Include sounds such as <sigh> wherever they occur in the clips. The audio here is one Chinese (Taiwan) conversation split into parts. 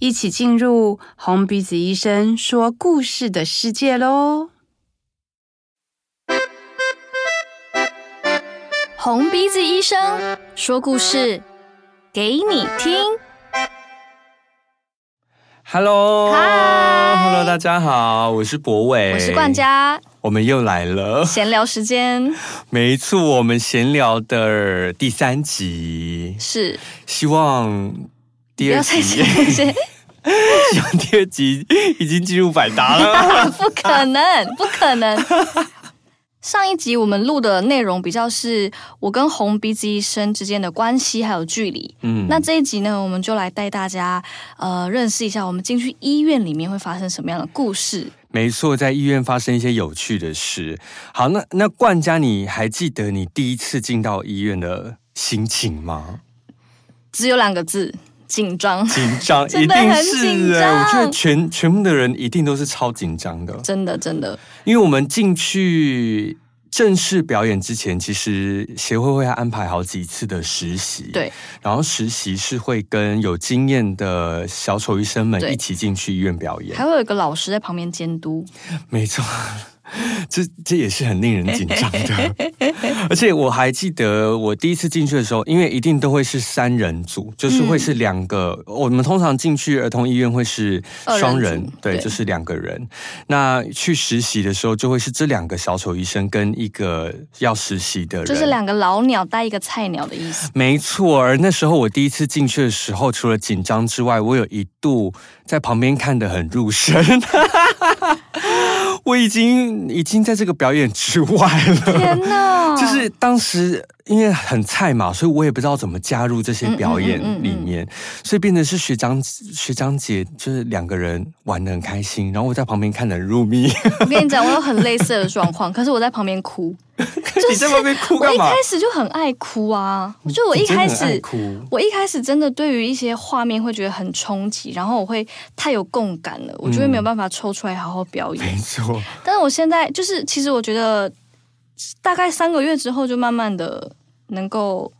一起進入紅鼻子醫生說故事的世界嘍！紅鼻子醫生說故事給你聽。Hello，嗨，Hello，大家好，我是柏煒，我是冠嘉，我們又來了閒聊時間。沒錯，我們閒聊的第三集是希望。第二集，集 <laughs> <laughs> 希望第二集已經進入百達了。 <laughs> 不可能，不可能。 <laughs> 上一集我們錄的內容比較是我跟紅鼻子醫生之間的關係，還有距離。嗯，那這一集呢，我們就來帶大家呃認識一下，我們進去醫院裡面會發生什麼樣的故事？沒錯，在醫院發生一些有趣的事。好，那那冠嘉，你還記得你第一次進到醫院的心情嗎？只有兩個字。緊張，緊張，張 <laughs> 一定是啊！我覺得全全部的人一定都是超緊張的，真的，真的。因為我們進去正式表演之前，其實協會會安排好幾次的實習，對，然後實習是會跟有經驗的小丑醫生們一起進去醫院表演，還有一個老師在旁邊監督，沒錯。這，這也是很令人緊張的，而且我還記得我第一次進去的時候，因為一定都會是三人組，就是會是兩個。我們通常進去兒童醫院會是雙人，對，就是兩個人。那去實習的時候，就會是這兩個小丑醫生跟一個要實習的人，就是兩個老鳥帶一個菜鳥的意思。沒錯，而那時候我第一次進去的時候，除了緊張之外，我有一度在旁邊看得很入神。 <laughs> 我已經已經在這個表演之外了。天哪！就是當時。因為很菜嘛，所以我也不知道怎麼加入這些表演裡面，嗯嗯嗯嗯嗯、所以變成是學長學長姐就是兩個人玩得很開心，然後我在旁邊看的入迷。我跟你講，我有很類似的狀況， <laughs> 可是我在旁邊哭。 <laughs> 就是、你在旁邊哭幹嘛？我一開始就很愛哭啊，就我一開始哭，我一開始真的對於一些畫面會覺得很衝擊，然後我會太有共感了，嗯、我就會沒有辦法抽出來好好表演。沒錯，但是我現在就是其實我覺得。大概三個月之後，就慢慢的能夠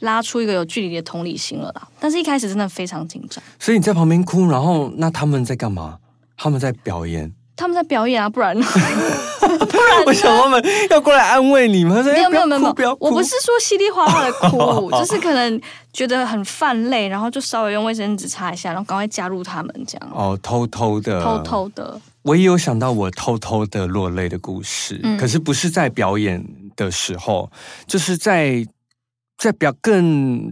拉出一個有距離的同理心了啦。但是一開始真的非常緊張。所以你在旁邊哭，然後那他們在幹嘛？他們在表演。他們在表演啊，不然 <laughs> <laughs> 不然呢，我想他們要過來安慰你嗎、 <laughs> 哎，不要哭，不要哭。不要哭，我不是說稀里嘩啦的哭， <laughs> 就是可能覺得很泛淚，然後就稍微用衛生紙擦一下，然後趕快加入他們這樣。哦，偷偷的，偷偷的。我也有想到我偷偷的落淚的故事，嗯、可是不是在表演的時候，就是在在表更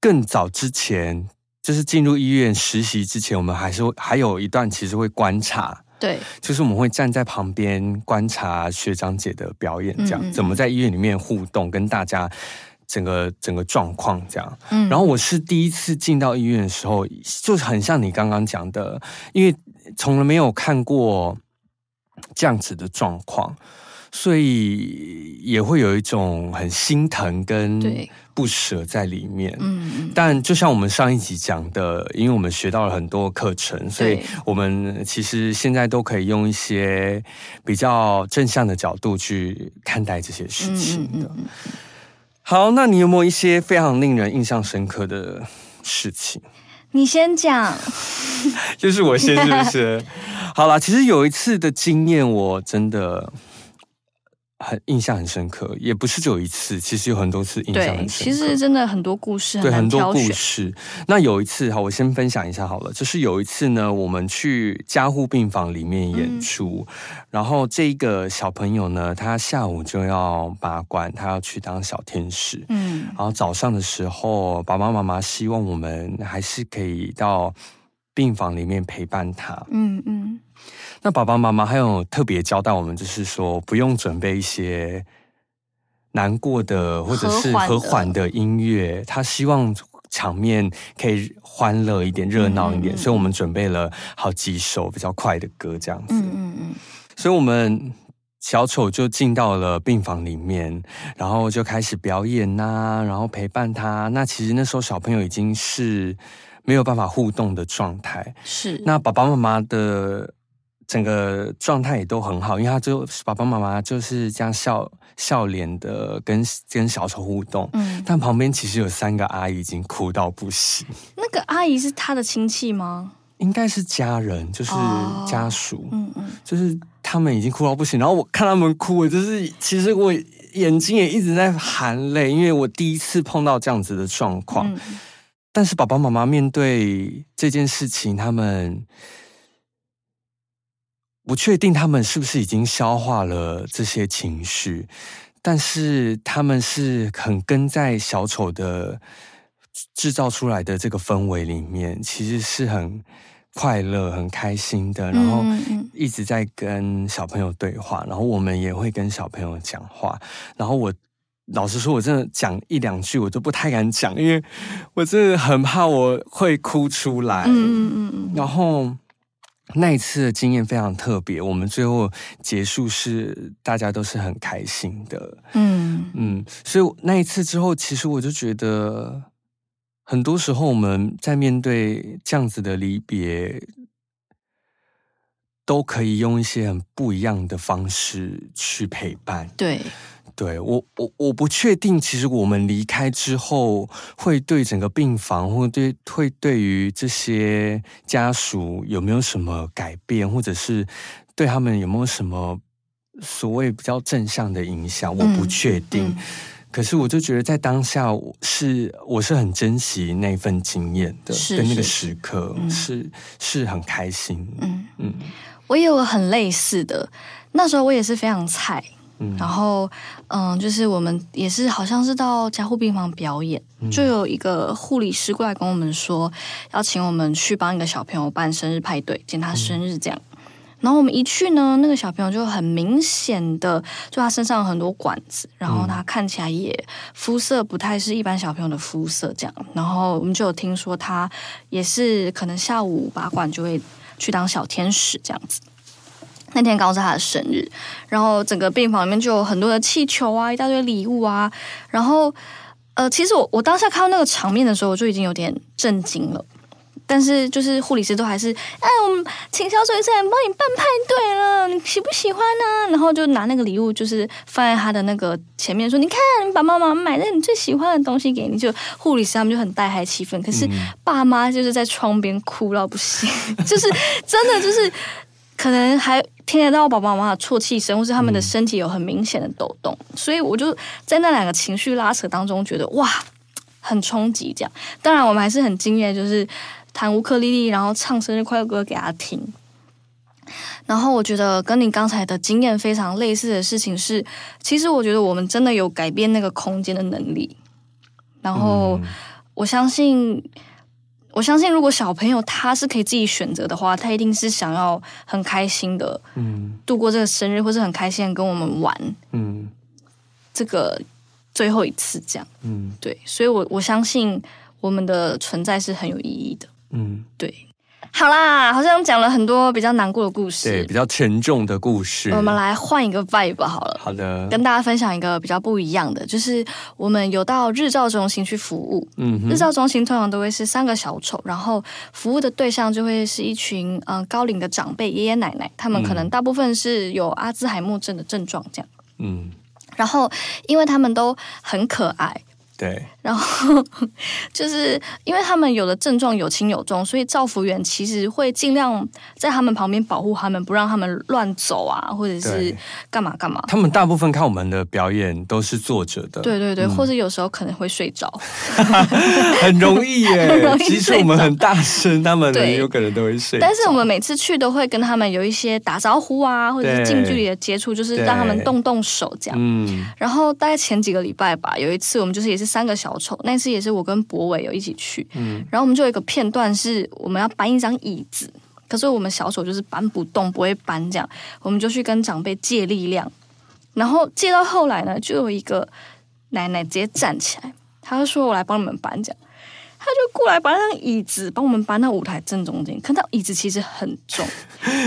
更早之前，就是進入醫院實習之前，我們還是會還有一段其實會觀察，對，就是我們會站在旁邊觀察學長姐的表演，這樣嗯嗯怎麼在醫院裡面互動，跟大家整個整個狀況這樣。嗯、然後我是第一次進到醫院的時候，就是很像你剛剛講的，因為。從來沒有看過這樣子的狀況，所以也會有一種很心疼跟不捨在裡面。對但就像我們上一集講的，因為我們學到了很多課程，所以我們其實現在都可以用一些比較正向的角度去看待這些事情的。好，那你有沒有一些非常令人印象深刻的？事情，你先講， <laughs> 就是我先，是不是？ <laughs> 好啦，其實有一次的經驗，我真的。很印象很深刻，也不是只有一次，其實有很多次印象很深刻。其實真的很多故事很，對很多故事。那有一次，好，我先分享一下好了。就是有一次呢，我們去加護病房裡面演出，嗯、然後這一個小朋友呢，他下午就要拔管，他要去當小天使。嗯，然後早上的時候，爸爸媽媽希望我們還是可以到。病房裡面陪伴他，嗯嗯。嗯，那爸爸媽媽還有特別交代我們，就是說不用準備一些難過的或者是和緩的音樂，他希望場面可以歡樂一點、熱鬧一點，嗯嗯嗯、所以我們準備了好幾首比較快的歌這樣子。嗯嗯嗯。嗯嗯，所以我們小丑就進到了病房裡面，然後就開始表演吶、啊，然後陪伴他。那其實那時候小朋友已經是。沒有辦法互動的狀態，是，那爸爸媽媽的整個狀態也都很好，因為他就爸爸媽媽就是這樣笑笑臉的跟跟小丑互動，嗯，但旁邊其實有三個阿姨已經哭到不行。那個阿姨是他的親戚嗎？應該是家人，就是家屬，嗯嗯、哦，就是他們已經哭到不行。然後我看他們哭，我就是其實我眼睛也一直在含淚，因為我第一次碰到這樣子的狀況。嗯但是爸爸媽媽面對這件事情，他們不確定他們是不是已經消化了這些情緒，但是他們是很跟在小丑的制造出來的這個氛圍裡面，其實是很快樂、很開心的。然後一直在跟小朋友對話，然後我們也會跟小朋友講話，然後我。老實說，我真的講一兩句，我都不太敢講，因為我真的很怕我會哭出來。嗯嗯嗯。然後那一次的經驗非常特別，我們最後結束是大家都是很開心的。嗯嗯。所以那一次之後，其實我就覺得，很多時候我們在面對這樣子的離別，都可以用一些很不一樣的方式去陪伴。對。對我，我我不確定，其實我們離開之後，會對整個病房，或對會對於這些家屬有沒有什麼改變，或者是對他們有沒有什麼所謂比較正向的影響，嗯、我不確定。嗯、可是我就覺得在當下，我是我是很珍惜那份經驗的，是是跟那個時刻、嗯、是是很開心。嗯嗯，嗯我也有很類似的，那時候我也是非常菜。然後，嗯，就是我們也是，好像是到加護病房表演，就有一個護理師過來跟我們說，要請我們去幫一個小朋友辦生日派對，慶他生日這樣。嗯、然後我們一去呢，那個小朋友就很明顯的，就他身上有很多管子，然後他看起來也膚色不太是一般小朋友的膚色這樣。然後我們就有聽說，他也是可能下午拔管就會去當小天使這樣子。那天剛，剛是他的生日，然後整個病房裡面就有很多的氣球啊，一大堆禮物啊，然後呃，其實我我當下看到那個場面的時候，我就已經有點震驚了。但是就是護理師都還是，哎，我們請小丑醫生幫你辦派對了，你喜不喜歡呢？啊？然後就拿那個禮物，就是放在他的那個前面說，說你看，你把媽媽買的你最喜歡的東西給你。就護理師他們就很帶嗨氣氛，可是爸媽就是在窗邊哭到不行，嗯、 <laughs> 就是真的就是。可能還聽得到爸爸媽媽的啜泣聲，或是他們的身體有很明顯的抖動，所以我就在那兩個情緒拉扯當中，覺得哇，很衝擊這樣。當然我們還是很驚艷，就是彈烏克麗麗，然後唱生日快樂歌給他聽。然後我覺得跟你剛才的經驗非常類似的事情是，其實我覺得我們真的有改變那個空間的能力。然後我相信。我相信，如果小朋友他是可以自己選擇的話，他一定是想要很開心的度過這個生日，嗯、或是很開心的跟我們玩。嗯，這個最後一次這樣。嗯，對，所以我我相信我們的存在是很有意義的。嗯，對。好啦，好像講了很多比較難過的故事，對，比較沉重的故事。呃、我們來換一個 vibe 好了。好的。跟大家分享一個比較不一樣的，就是我們有到日照中心去服務。嗯哼。日照中心通常都會是三個小丑，然後服務的對象就會是一群嗯、呃、高齡的長輩爺爺奶奶，他們可能大部分是有阿茲海默症的症狀這樣。嗯。然後，因為他們都很可愛。對，然後就是因為他們有的症狀有輕有重，所以照服員其實會儘量在他們旁邊保護他們，不讓他們亂走啊，或者是幹嘛幹嘛。他們大部分看我們的表演都是坐着的，對對對，嗯、或者有時候可能會睡着， <laughs> 很容易耶。很容易其實我們很大聲，他們也有可能都會睡。對對但是我們每次去都會跟他們有一些打招呼啊，或者是近距離的接觸，就是讓他們動動手這樣。嗯、然後大概前幾個禮拜吧，有一次我們就是也是。三個小丑，那次也是我跟柏煒有一起去，嗯，然後我們就有一個片段是，我們要搬一張椅子，可是，我們小丑就是搬不動，不會搬這樣，我們就去跟長輩借力量，然後借到後來呢，就有一個奶奶直接站起來，她就說：“我來幫你們搬這樣。”他就過來把那張椅子幫我們搬到舞台正中間，看到椅子其實很重，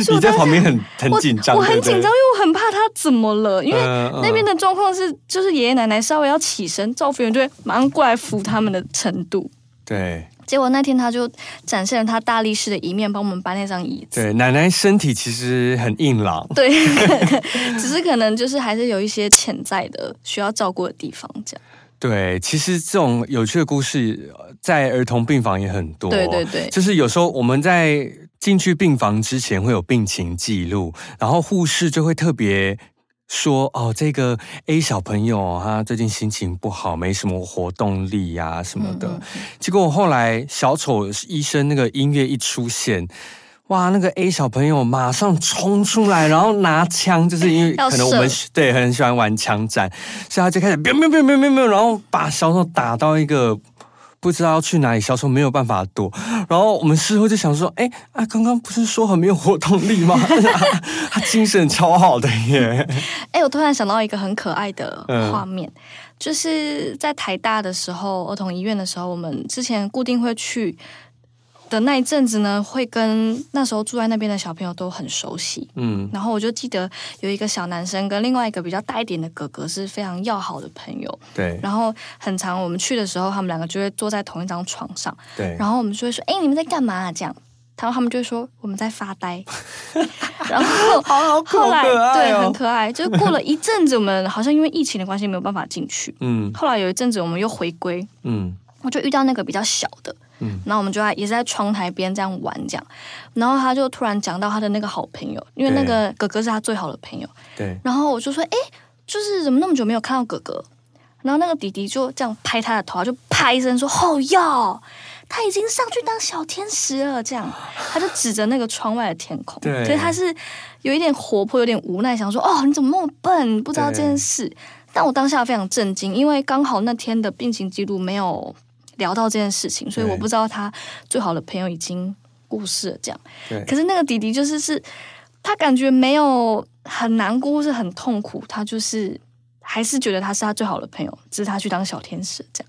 所以我你在旁邊很很緊張，我，我很緊張，因為我很怕他怎麼了，因為那邊的狀況是，就是爺爺奶奶稍微要起身，照服員就會馬上過來扶他們的程度。對，結果那天他就展現了他大力士的一面，幫我們搬那張椅子。對，奶奶身體其實很硬朗，對，只是可能就是還是有一些潛在的需要照顧的地方這樣。對，其實這種有趣的故事在兒童病房也很多。對對對，就是有時候我們在進去病房之前會有病情記錄，然後護士就會特別說：“哦，這個 A 小朋友他最近心情不好，沒什麼活動力呀、啊、什麼的。嗯”結果後來小丑醫生那個音樂一出現。哇，那個 A 小朋友馬上衝出來，然後拿槍， <laughs> 就是因為可能我們射對很喜歡玩槍戰，所以他就開始砰砰砰砰砰砰， <laughs> 然後把小丑打到一個不知道要去哪裡，小丑沒有辦法躲。然後我們師傅就想說：“哎，啊，剛剛不是說很沒有活動力嗎？ <laughs> 他，他精神超好的耶！”哎，我突然想到一個很可愛的畫面，嗯、就是在台大的時候，兒童醫院的時候，我們之前固定會去。那一陣子呢，會跟那時候住在那邊的小朋友都很熟悉，嗯，然後我就記得有一個小男生跟另外一個比較大一點的哥哥是非常要好的朋友，對，然後很常我們去的時候，他們兩個就會坐在同一張床上，對，然後我們就會說：“哎、欸，你們在幹嘛、啊？”這樣，然後他們就會說：“我們在發呆。” <laughs> 然後後，好可愛、哦、後來對，很可愛，就是過了一陣子，我們好像因為疫情的關係沒有辦法進去，嗯，後來有一陣子我們又回歸，嗯，我就遇到那個比較小的。嗯，然後我們就在也是在窗台邊這樣玩這樣然後他就突然講到他的那個好朋友，因為那個哥哥是他最好的朋友，對。然後我就說，哎，就是怎麼那麼久沒有看到哥哥？然後那個弟弟就這樣拍他的頭，就拍一聲說：“好喲，他已經上去當小天使了。”這樣，他就指着那個窗外的天空，對，所以他是有一點活潑，有點無奈，想說：“哦，你怎麼那麼笨，不知道這件事？”對但我當下非常震驚，因為剛好那天的病情記錄沒有。聊到這件事情，所以我不知道他最好的朋友已經故世了，這樣，對可是那個弟弟就是是，他感覺沒有很難過，或是很痛苦。他就是還是覺得他是他最好的朋友，只、就是他去當小天使。這樣，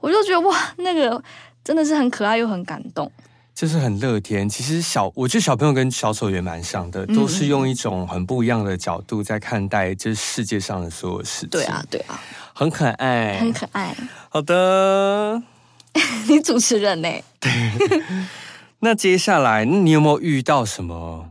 我就覺得哇，那個真的是很可愛又很感動，就是很樂天。其實小我覺得小朋友跟小丑也蠻像的，都是用一種很不一樣的角度在看待這世界上的所有事情。對啊，對啊，很可愛，很可愛。好的。 <laughs> 你主持人呢、欸？那接下來那你有沒有遇到什麼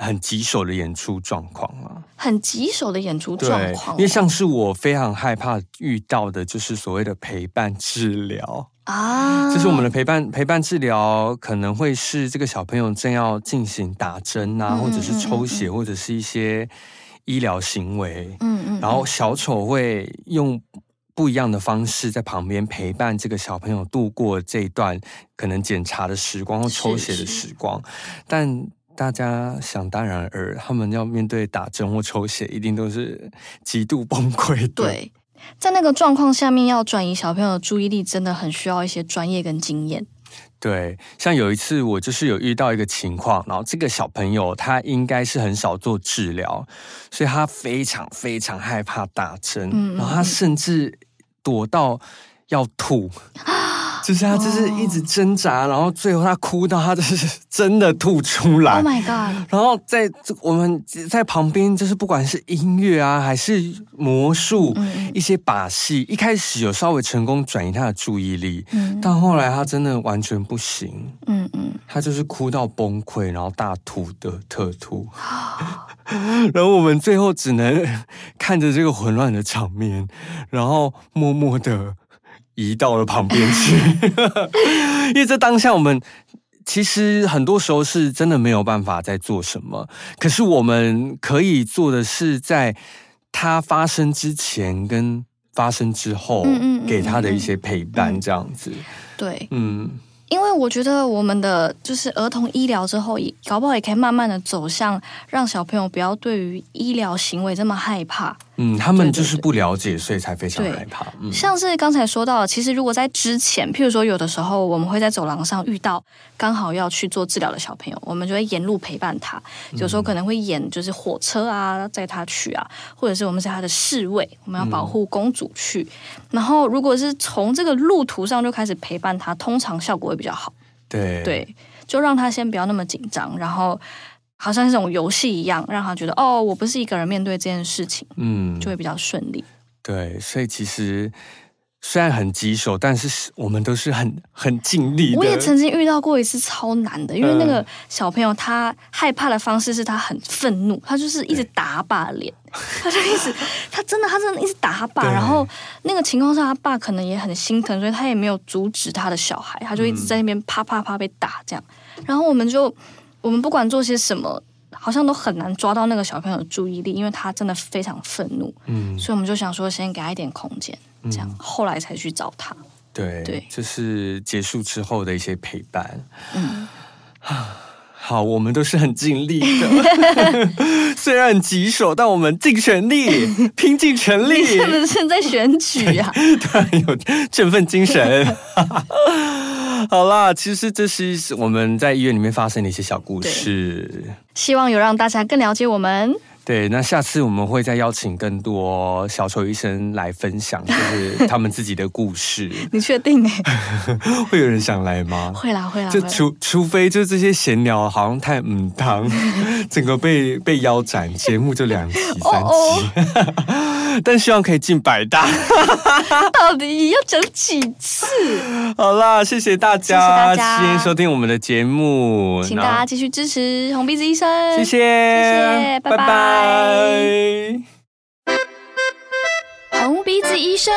很棘手的演出狀況啊？很棘手的演出狀況，因為像是我非常害怕遇到的，就是所謂的陪伴治療啊，就是我們的陪伴陪伴治療可能會是這個小朋友正要進行打針啊，嗯嗯嗯，或者是抽血，或者是一些醫療行為。嗯，嗯嗯，然後小丑會用。不一樣的方式在旁邊陪伴這個小朋友度過這一段可能檢查的時光或抽血的時光，但大家想當然而，他們要面對打針或抽血，一定都是極度崩潰的。對，在那個狀況下面，要轉移小朋友的注意力，真的很需要一些專業跟經驗。對，像有一次我就是有遇到一個情況，然後這個小朋友他應該是很少做治療，所以他非常非常害怕打針，嗯，然後他甚至。躲到要吐。就是他，就是一直掙扎，oh. 然後最後他哭到他就是真的吐出來。Oh my god！然後在這我們在旁邊，就是不管是音樂啊，還是魔術，嗯嗯一些把戲，一開始有稍微成功轉移他的注意力，嗯，但後來他真的完全不行。嗯嗯，他就是哭到崩潰，然後大吐的特吐，oh. <laughs> 然後我們最後只能看着這個混亂的場面，然後默默的。移到了旁邊去， <laughs> <laughs> 因為在當下，我們其實很多時候是真的沒有辦法在做什麼。可是我們可以做的是，在它發生之前跟發生之後，給他的一些陪伴，這樣子，嗯嗯嗯嗯嗯嗯嗯。對，嗯，因為我覺得我們的就是兒童醫療之後，也搞不好也可以慢慢的走向讓小朋友不要對於醫療行為這麼害怕。嗯，他們就是不了解，對對對，所以才非常害怕。對，嗯，像是剛才說到，其實如果在之前，譬如說有的時候，我們會在走廊上遇到剛好要去做治療的小朋友，我們就會沿路陪伴他。有時候可能會演就是火車啊，載他去啊，或者是我們是他的侍衛，我們要保護公主去。嗯，然後如果是從這個路途上就開始陪伴他，通常效果會比較好。對，對，就讓他先不要那麼緊張，然後。好像這種遊戲一樣，讓他覺得哦，我不是一個人面對這件事情，嗯，就會比較順利。對，所以其實雖然很棘手，但是我們都是很很盡力的。我也曾經遇到過一次超難的，因為那個小朋友他害怕的方式是他很憤怒，呃、他就是一直打他爸的臉，對他就一直他真的他真的一直打他爸。對然後那個情況下他爸可能也很心疼，所以他也沒有阻止他的小孩，他就一直在那邊啪啪啪被打這樣，嗯、然後我們就。我們不管做些什麼，好像都很難抓到那個小朋友的注意力，因為他真的非常憤怒。嗯，所以我們就想說，先給他一點空間，嗯、這樣後來才去找他。對，對，這是結束之後的一些陪伴。嗯、啊，好，我們都是很盡力的， <laughs> 雖然很棘手，但我們盡全力，拼盡全力。你 <laughs> 是不是正在選舉呀、啊？當然 <laughs> 有，振奮精神。 <laughs> 好啦，其實這是我們在醫院裡面發生的一些小故事，希望有讓大家更了解我們。對，那下次我們會再邀請更多小丑醫生來分享，就是他們自己的故事。你確定欸？會有人想來嗎？會啦，會啦。就除除非就是這些閒聊，好像太母湯，整個被被腰斬，節目就兩集，三集。但希望可以進百大。到底要整幾次？好啦，謝謝大家，謝謝大家今天收聽我們的節目，請大家繼續支持紅鼻子醫生，謝謝，謝謝，拜拜。嗨紅鼻子醫生，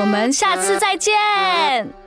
我們下次再見。